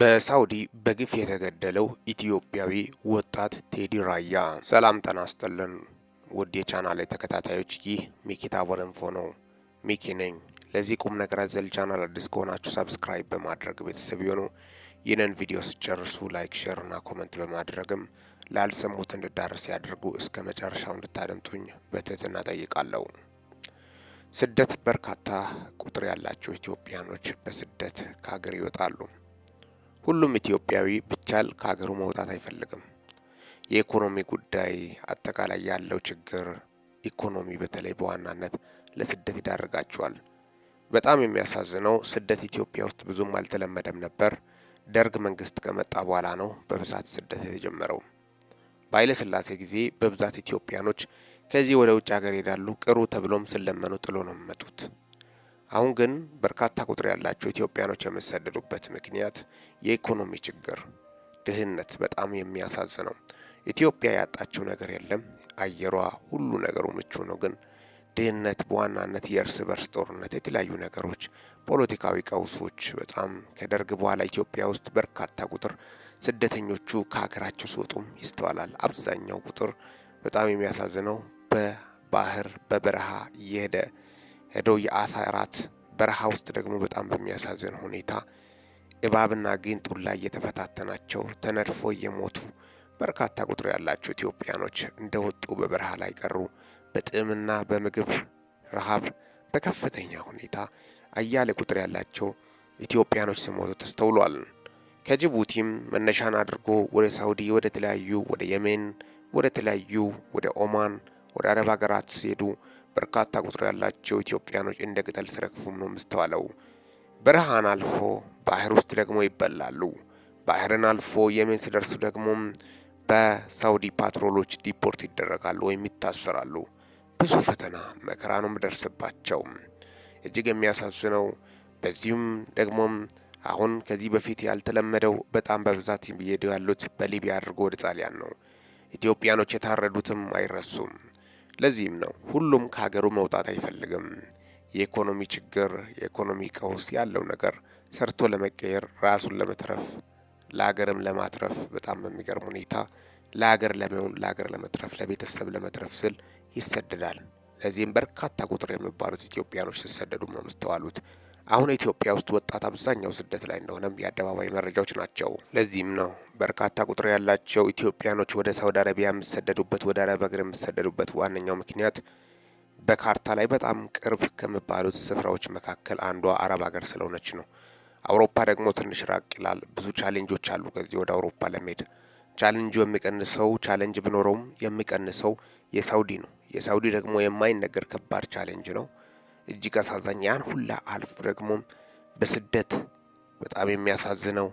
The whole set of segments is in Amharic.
በሳውዲ በግፍ የተገደለው ኢትዮጵያዊ ወጣት ቴዲ ራያ። ሰላም ጤና ይስጥልን ውድ የቻናሌ ተከታታዮች፣ ይህ ሚኪታ ቦረንፎ ነው። ሚኪ ነኝ። ለዚህ ቁም ነገር አዘል ቻናል አዲስ ከሆናችሁ ሰብስክራይብ በማድረግ ቤተሰብ የሆኑ ይህንን ቪዲዮ ስጨርሱ ላይክ፣ ሼር እና ኮመንት በማድረግም ላልሰሙት እንድዳርስ ያድርጉ። እስከ መጨረሻው እንድታደምጡኝ በትህትና ጠይቃለሁ። ስደት በርካታ ቁጥር ያላቸው ኢትዮጵያኖች በስደት ከሀገር ይወጣሉ። ሁሉም ኢትዮጵያዊ ብቻል ከሀገሩ መውጣት አይፈልግም። የኢኮኖሚ ጉዳይ፣ አጠቃላይ ያለው ችግር ኢኮኖሚ በተለይ በዋናነት ለስደት ይዳርጋቸዋል። በጣም የሚያሳዝነው ስደት ኢትዮጵያ ውስጥ ብዙም አልተለመደም ነበር። ደርግ መንግስት ከመጣ በኋላ ነው በብዛት ስደት የተጀመረው። በኃይለ ሥላሴ ጊዜ በብዛት ኢትዮጵያኖች ከዚህ ወደ ውጭ ሀገር ይሄዳሉ። ቅሩ ተብሎም ስለመኑ ጥሎ ነው የሚመጡት። አሁን ግን በርካታ ቁጥር ያላቸው ኢትዮጵያኖች የሚሰደዱበት ምክንያት የኢኮኖሚ ችግር፣ ድህነት በጣም የሚያሳዝነው። ኢትዮጵያ ያጣችው ነገር የለም፣ አየሯ፣ ሁሉ ነገሩ ምቹ ነው። ግን ድህነት በዋናነት የእርስ በርስ ጦርነት፣ የተለያዩ ነገሮች፣ ፖለቲካዊ ቀውሶች በጣም ከደርግ በኋላ ኢትዮጵያ ውስጥ በርካታ ቁጥር ስደተኞቹ ከሀገራቸው ሲወጡም ይስተዋላል። አብዛኛው ቁጥር በጣም የሚያሳዝነው በባህር በበረሃ እየሄደ ሄደው የአሳ እራት በረሃ ውስጥ ደግሞ በጣም በሚያሳዝን ሁኔታ እባብና ላይ እየተፈታተናቸው ተነድፎ እየሞቱ በርካታ ቁጥር ያላቸው ኢትዮጵያኖች እንደወጡ በበረሃ ላይ ቀሩ። በጥምና በምግብ ረሃብ በከፍተኛ ሁኔታ አያሌ ቁጥር ያላቸው ኢትዮጵያኖች ሲሞቱ ተስተውሏል። ከጅቡቲም መነሻን አድርጎ ወደ ሳውዲ፣ ወደ ተለያዩ ወደ የሜን፣ ወደ ተለያዩ ወደ ኦማን፣ ወደ አረብ ሀገራት ሲሄዱ በርካታ ቁጥር ያላቸው ኢትዮጵያኖች እንደ ቅጠል ሲረግፉም ነው የምስተዋለው። በረሃን አልፎ ባህር ውስጥ ደግሞ ይበላሉ። ባህርን አልፎ የመን ሲደርሱ ደግሞ በሳውዲ ፓትሮሎች ዲፖርት ይደረጋሉ ወይም ይታሰራሉ። ብዙ ፈተና መከራ ነው የሚደርስባቸው። እጅግ የሚያሳዝነው በዚሁም ደግሞ አሁን ከዚህ በፊት ያልተለመደው በጣም በብዛት እየሄዱ ያሉት በሊቢያ አድርጎ ወደ ጣሊያን ነው። ኢትዮጵያኖች የታረዱትም አይረሱም። ለዚህም ነው ሁሉም ከሀገሩ መውጣት አይፈልግም። የኢኮኖሚ ችግር፣ የኢኮኖሚ ቀውስ ያለው ነገር ሰርቶ ለመቀየር ራሱን ለመትረፍ ለሀገርም ለማትረፍ በጣም በሚገርም ሁኔታ ለሀገር ለመሆን ለሀገር ለመትረፍ ለቤተሰብ ለመትረፍ ስል ይሰደዳል። ለዚህም በርካታ ቁጥር የሚባሉት ኢትዮጵያኖች ሲሰደዱም ነው የምስተዋሉት። አሁን ኢትዮጵያ ውስጥ ወጣት አብዛኛው ስደት ላይ እንደሆነም የአደባባይ መረጃዎች ናቸው። ለዚህም ነው በርካታ ቁጥር ያላቸው ኢትዮጵያኖች ወደ ሳውዲ አረቢያ የሚሰደዱበት ወደ አረብ ሀገር የሚሰደዱበት ዋነኛው ምክንያት በካርታ ላይ በጣም ቅርብ ከሚባሉት ስፍራዎች መካከል አንዷ አረብ ሀገር ስለሆነች ነው። አውሮፓ ደግሞ ትንሽ ራቅ ይላል። ብዙ ቻሌንጆች አሉ። ከዚህ ወደ አውሮፓ ለመሄድ ቻሌንጁ የሚቀንሰው ቻሌንጅ ቢኖረውም የሚቀንሰው የሳውዲ ነው። የሳውዲ ደግሞ የማይነገር ከባድ ቻሌንጅ ነው። እጅግ አሳዛኝ። ያን ሁላ አልፍ ደግሞ በስደት በጣም የሚያሳዝነው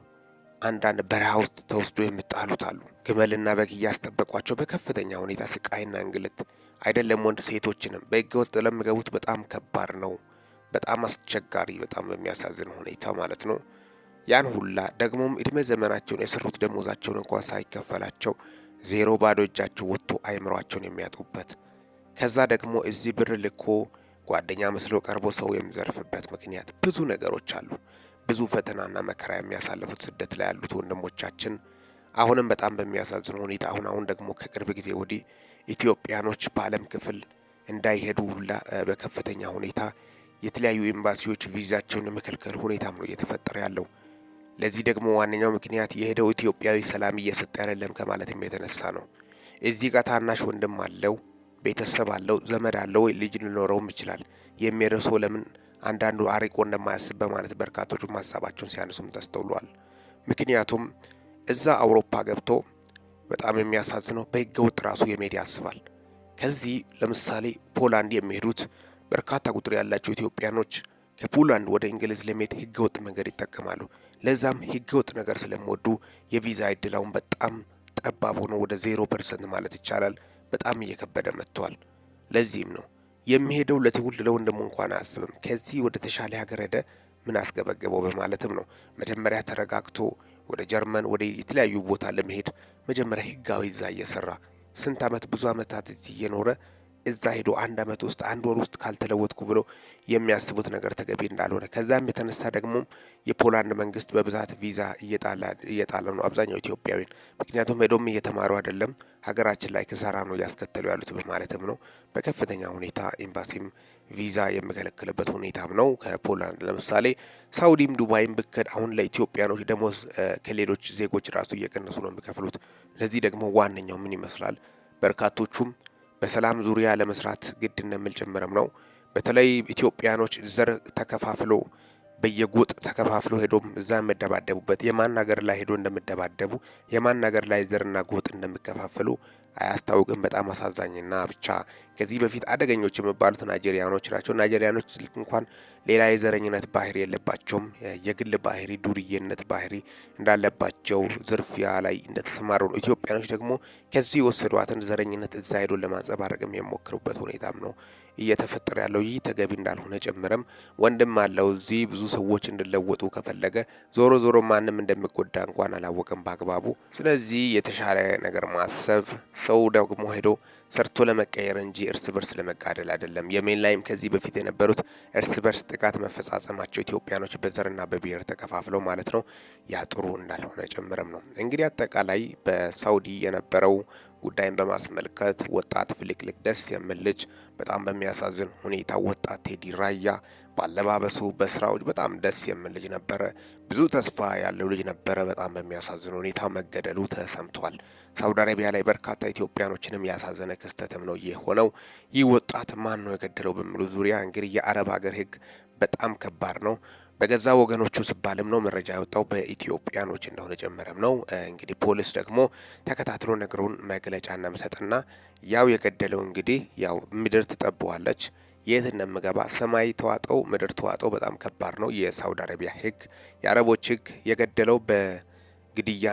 አንዳንድ በረሃ ውስጥ ተወስዶ የሚጣሉት አሉ። ግመልና በግ እያስጠበቋቸው በከፍተኛ ሁኔታ ስቃይና እንግልት አይደለም ወንድ ሴቶችንም በህገወጥ ለሚገቡት በጣም ከባድ ነው። በጣም አስቸጋሪ፣ በጣም በሚያሳዝን ሁኔታ ማለት ነው። ያን ሁላ ደግሞም እድሜ ዘመናቸውን የሰሩት ደሞዛቸውን እንኳን ሳይከፈላቸው ዜሮ ባዶ እጃቸው ወጥቶ አይምሯቸውን የሚያጡበት ከዛ ደግሞ እዚህ ብር ልኮ ጓደኛ መስሎ ቀርቦ ሰው የሚዘርፍበት ምክንያት ብዙ ነገሮች አሉ። ብዙ ፈተናና መከራ የሚያሳልፉት ስደት ላይ ያሉት ወንድሞቻችን አሁንም በጣም በሚያሳዝን ሁኔታ አሁን አሁን ደግሞ ከቅርብ ጊዜ ወዲህ ኢትዮጵያኖች በዓለም ክፍል እንዳይሄዱ ሁላ በከፍተኛ ሁኔታ የተለያዩ ኤምባሲዎች ቪዛቸውን የመከልከል ሁኔታም ነው እየተፈጠረ ያለው። ለዚህ ደግሞ ዋነኛው ምክንያት የሄደው ኢትዮጵያዊ ሰላም እየሰጠ አይደለም ከማለትም የተነሳ ነው። እዚህ ጋር ታናሽ ወንድም አለው ቤተሰብ አለው፣ ዘመድ አለው ወይ ልጅ ሊኖረውም ይችላል። የሚረሰው ለምን አንዳንዱ አርቆ እንደማያስብ በማለት በርካቶቹ ሀሳባቸውን ሲያነሱም ተስተውሏል። ምክንያቱም እዛ አውሮፓ ገብቶ በጣም የሚያሳዝነው በህገወጥ ራሱ የመሄድ ያስባል። ከዚህ ለምሳሌ ፖላንድ የሚሄዱት በርካታ ቁጥር ያላቸው ኢትዮጵያኖች ከፖላንድ ወደ እንግሊዝ ለመሄድ ህገወጥ መንገድ ይጠቀማሉ። ለዛም ህገወጥ ነገር ስለሚወዱ የቪዛ እድላውን በጣም ጠባብ ሆኖ ወደ ዜሮ ፐርሰንት ማለት ይቻላል በጣም እየከበደ መጥቷል። ለዚህም ነው የሚሄደው ለትውልድ ለወንድሙ እንኳን አያስብም። ከዚህ ወደ ተሻለ ሀገር ሄደ ምን አስገበገበው በማለትም ነው መጀመሪያ ተረጋግቶ ወደ ጀርመን ወደ የተለያዩ ቦታ ለመሄድ መጀመሪያ ህጋዊ እዛ እየሰራ ስንት ዓመት ብዙ ዓመታት እዚህ እየኖረ እዛ ሄዶ አንድ አመት ውስጥ አንድ ወር ውስጥ ካልተለወጥኩ ብሎ የሚያስቡት ነገር ተገቢ እንዳልሆነ ከዛም የተነሳ ደግሞ የፖላንድ መንግስት በብዛት ቪዛ እየጣለ ነው አብዛኛው ኢትዮጵያዊን። ምክንያቱም ሄዶም እየተማሩ አይደለም፣ ሀገራችን ላይ ክሳራ ነው እያስከተሉ ያሉት በማለትም ነው በከፍተኛ ሁኔታ ኤምባሲም ቪዛ የሚከለክልበት ሁኔታም ነው። ከፖላንድ ለምሳሌ ሳውዲም ዱባይም ብከድ አሁን ለኢትዮጵያኖች ደሞዝ ከሌሎች ዜጎች ራሱ እየቀነሱ ነው የሚከፍሉት። ለዚህ ደግሞ ዋነኛው ምን ይመስላል? በርካቶቹም በሰላም ዙሪያ ለመስራት ግድ እንደምልጀምርም ነው። በተለይ ኢትዮጵያኖች ዘር ተከፋፍሎ በየጎጥ ተከፋፍሎ ሄዶም እዛ የሚደባደቡበት የማን ሀገር ላይ ሄዶ እንደሚደባደቡ የማን ሀገር ላይ ዘርና ጎጥ እንደሚከፋፍሉ አያስታውቅም። በጣም አሳዛኝና ብቻ ከዚህ በፊት አደገኞች የሚባሉት ናይጄሪያኖች ናቸው። ናይጄሪያኖች ልክ እንኳን ሌላ የዘረኝነት ባህሪ የለባቸውም። የግል ባህሪ፣ ዱርዬነት ባህሪ እንዳለባቸው ዝርፊያ ላይ እንደተሰማሩ ነው። ኢትዮጵያኖች ደግሞ ከዚህ የወሰዷትን ዘረኝነት እዛ ሄዶ ለማንጸባረቅም የሞክሩበት ሁኔታም ነው እየተፈጠረ ያለው። ይህ ተገቢ እንዳልሆነ ጨምረም ወንድም አለው እዚህ ብዙ ሰዎች እንዲለወጡ ከፈለገ ዞሮ ዞሮ ማንም እንደሚጎዳ እንኳን አላወቅም በአግባቡ። ስለዚህ የተሻለ ነገር ማሰብ ሰው ደግሞ ሄዶ ሰርቶ ለመቀየር እንጂ እርስ በርስ ለመጋደል አይደለም። የሜን ላይም ከዚህ በፊት የነበሩት እርስ በርስ ጥቃት መፈጻጸማቸው ኢትዮጵያኖች በዘርና በብሔር ተከፋፍለው ማለት ነው ያ ጥሩ እንዳልሆነ ጭምርም ነው። እንግዲህ አጠቃላይ በሳውዲ የነበረው ጉዳይን በማስመልከት ወጣት ፍልቅልቅ ደስ የምልጅ ልጅ በጣም በሚያሳዝን ሁኔታ ወጣት ቴዲ ራያ ባለባበሱ በስራዎች በጣም ደስ የሚል ልጅ ነበረ። ብዙ ተስፋ ያለው ልጅ ነበረ። በጣም በሚያሳዝን ሁኔታ መገደሉ ተሰምቷል። ሳውዲ አረቢያ ላይ በርካታ ኢትዮጵያኖችንም ያሳዘነ ክስተትም ነው የሆነው። ይህ ወጣት ማን ነው የገደለው በሚሉ ዙሪያ እንግዲህ የአረብ ሀገር ህግ በጣም ከባድ ነው። በገዛ ወገኖቹ ስባልም ነው መረጃ ያወጣው በኢትዮጵያኖች እንደሆነ ጨመረም ነው። እንግዲህ ፖሊስ ደግሞ ተከታትሎ ነገሩን መግለጫ እናምሰጥና ያው የገደለው እንግዲህ ያው ምድር ትጠብዋለች የት እንደምገባ ሰማይ ተዋጠው ምድር ተዋጠው በጣም ከባድ ነው። የሳውዲ አረቢያ ህግ የአረቦች ህግ የገደለው በግድያ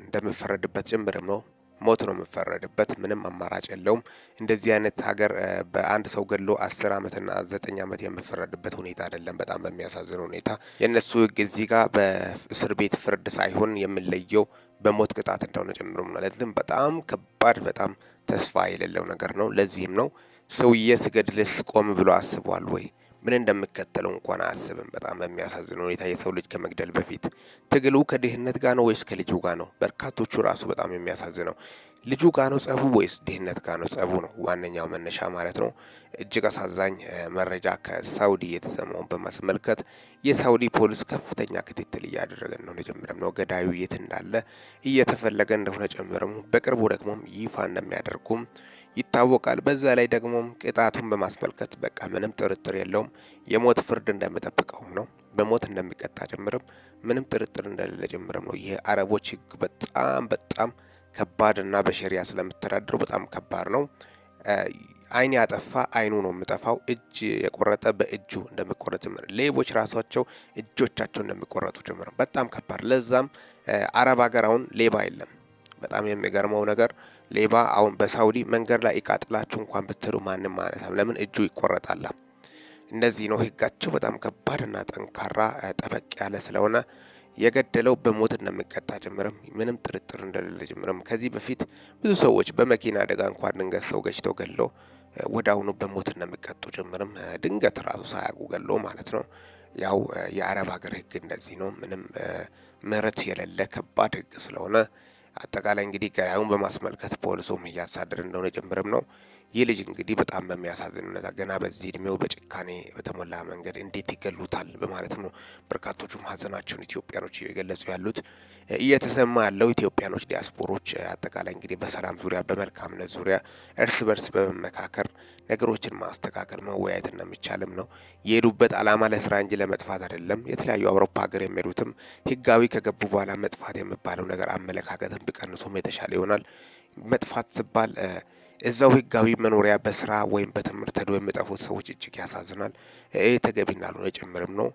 እንደምፈረድበት ጭምርም ነው። ሞት ነው የምፈረድበት። ምንም አማራጭ የለውም። እንደዚህ አይነት ሀገር በአንድ ሰው ገድሎ አስር ዓመትና ዘጠኝ ዓመት የምፈረድበት ሁኔታ አይደለም። በጣም በሚያሳዝን ሁኔታ የእነሱ ህግ እዚህ ጋር በእስር ቤት ፍርድ ሳይሆን የምለየው በሞት ቅጣት እንደሆነ ጭምርም ነው። ለዚህም በጣም ከባድ በጣም ተስፋ የሌለው ነገር ነው። ለዚህም ነው ሰውዬ ስገድልስ ቆም ብሎ አስቧል ወይ? ምን እንደምከተለው እንኳን አያስብም። በጣም በሚያሳዝን ሁኔታ የሰው ልጅ ከመግደል በፊት ትግሉ ከድህነት ጋር ነው ወይስ ከልጁ ጋር ነው? በርካቶቹ ራሱ በጣም የሚያሳዝነው ልጁ ጋር ነው ጸቡ ወይስ ድህነት ጋር ነው ጸቡ ነው ዋነኛው መነሻ ማለት ነው። እጅግ አሳዛኝ መረጃ ከሳውዲ የተሰማውን በማስመልከት የሳውዲ ፖሊስ ከፍተኛ ክትትል እያደረገ እንደሆነ ጀምረም ነው ገዳዩ የት እንዳለ እየተፈለገ እንደሆነ ጨምረም በቅርቡ ደግሞ ይፋ እንደሚያደርጉም ይታወቃል። በዛ ላይ ደግሞም ቅጣቱን በማስመልከት በቃ ምንም ጥርጥር የለውም የሞት ፍርድ እንደሚጠብቀውም ነው። በሞት እንደሚቀጣ ጀምርም ምንም ጥርጥር እንደሌለ ጀምርም ነው። ይህ አረቦች ህግ በጣም በጣም ከባድና በሸሪያ ስለሚተዳደሩ በጣም ከባድ ነው። አይን ያጠፋ አይኑ ነው የምጠፋው፣ እጅ የቆረጠ በእጁ እንደሚቆረጥ ጭምር ሌቦች ራሳቸው እጆቻቸው እንደሚቆረጡ ጭምር በጣም ከባድ። ለዛም አረብ ሀገር አሁን ሌባ የለም። በጣም የሚገርመው ነገር ሌባ አሁን በሳውዲ መንገድ ላይ እቃ ጥላችሁ እንኳን ብትሉ ማንም ማለትም ለምን እጁ ይቆረጣል። እንደዚህ ነው ህጋቸው። በጣም ከባድና ጠንካራ ጠበቅ ያለ ስለሆነ የገደለው በሞት እንደሚቀጣ ጭምርም ምንም ጥርጥር እንደሌለ ጭምርም ከዚህ በፊት ብዙ ሰዎች በመኪና አደጋ እንኳን ድንገት ሰው ገጭተው ገለው ወደ አሁኑ በሞት እንደሚቀጡ ጭምርም ድንገት ራሱ ሳያውቁ ገሎ ማለት ነው። ያው የአረብ ሀገር ህግ እንደዚህ ነው። ምንም ምሕረት የሌለ ከባድ ህግ ስለሆነ አጠቃላይ እንግዲህ ገራዩን በማስመልከት ፖሊሱም እያሳደር እንደሆነ ጭምርም ነው ይህ ልጅ እንግዲህ በጣም በሚያሳዝን ሁኔታ ገና በዚህ እድሜው በጭካኔ በተሞላ መንገድ እንዴት ይገሉታል በማለት ነው በርካቶቹም ሀዘናቸውን ኢትዮጵያኖች እየገለጹ ያሉት። እየተሰማ ያለው ኢትዮጵያኖች ዲያስፖሮች አጠቃላይ እንግዲህ በሰላም ዙሪያ በመልካምነት ዙሪያ እርስ በርስ በመመካከር ነገሮችን ማስተካከል መወያየት እንደሚቻልም ነው። የሄዱበት ዓላማ ለስራ እንጂ ለመጥፋት አይደለም። የተለያዩ አውሮፓ ሀገር የሚሄዱትም ህጋዊ ከገቡ በኋላ መጥፋት የሚባለው ነገር አመለካከትን ቢቀንሱም የተሻለ ይሆናል። መጥፋት ስባል እዛው ህጋዊ መኖሪያ በስራ ወይም በትምህርት ተዶ የሚጠፉት ሰዎች እጅግ ያሳዝናል። ይህ ተገቢ እንዳልሆነ ጭምርም ነው።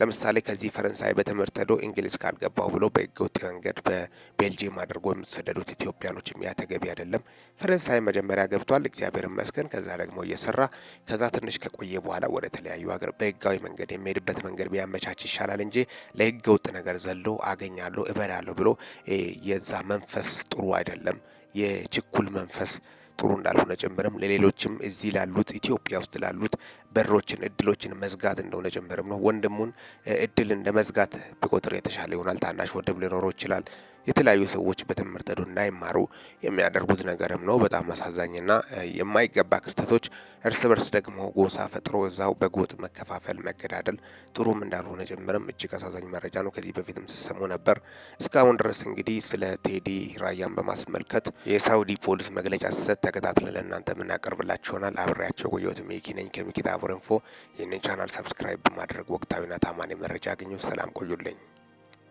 ለምሳሌ ከዚህ ፈረንሳይ በትምህርት ተዶ እንግሊዝ ካልገባው ብሎ በህገወጥ መንገድ በቤልጅየም አድርጎ የምትሰደዱት ኢትዮጵያኖች ያ ተገቢ አይደለም። ፈረንሳይ መጀመሪያ ገብቷል፣ እግዚአብሔር ይመስገን። ከዛ ደግሞ እየሰራ ከዛ ትንሽ ከቆየ በኋላ ወደ ተለያዩ ሀገር በህጋዊ መንገድ የሚሄድበት መንገድ ቢያመቻች ይሻላል እንጂ ለህገወጥ ነገር ዘሎ አገኛለሁ እበላለሁ ብሎ የዛ መንፈስ ጥሩ አይደለም። የችኩል መንፈስ ጥሩ እንዳልሆነ ጭምርም ለሌሎችም እዚህ ላሉት ኢትዮጵያ ውስጥ ላሉት በሮችን እድሎችን መዝጋት እንደሆነ ጭምርም ነው። ወንድሙን እድል እንደ መዝጋት ቢቆጥር የተሻለ ይሆናል። ታናሽ ወንድም ሊኖረው ይችላል። የተለያዩ ሰዎች በትምህርት ሄደው እንዳይማሩ የሚያደርጉት ነገርም ነው። በጣም አሳዛኝና የማይገባ ክስተቶች እርስ በርስ ደግሞ ጎሳ ፈጥሮ እዛው በጎጥ መከፋፈል፣ መገዳደል ጥሩም እንዳልሆነ ጭምርም እጅግ አሳዛኝ መረጃ ነው። ከዚህ በፊትም ስሰሙ ነበር። እስካሁን ድረስ እንግዲህ ስለ ቴዲ ራያን በማስመልከት የሳውዲ ፖሊስ መግለጫ ሲሰጥ ተከታትለ ለእናንተ የምናቀርብላችሁ ይሆናል። አብሬያቸው ቆየሁት። ሜኪ ነኝ ከሚኪታቡር ኢንፎ። ይህንን ቻናል ሰብስክራይብ በማድረግ ወቅታዊና ታማኝ መረጃ አግኙ። ሰላም ቆዩልኝ።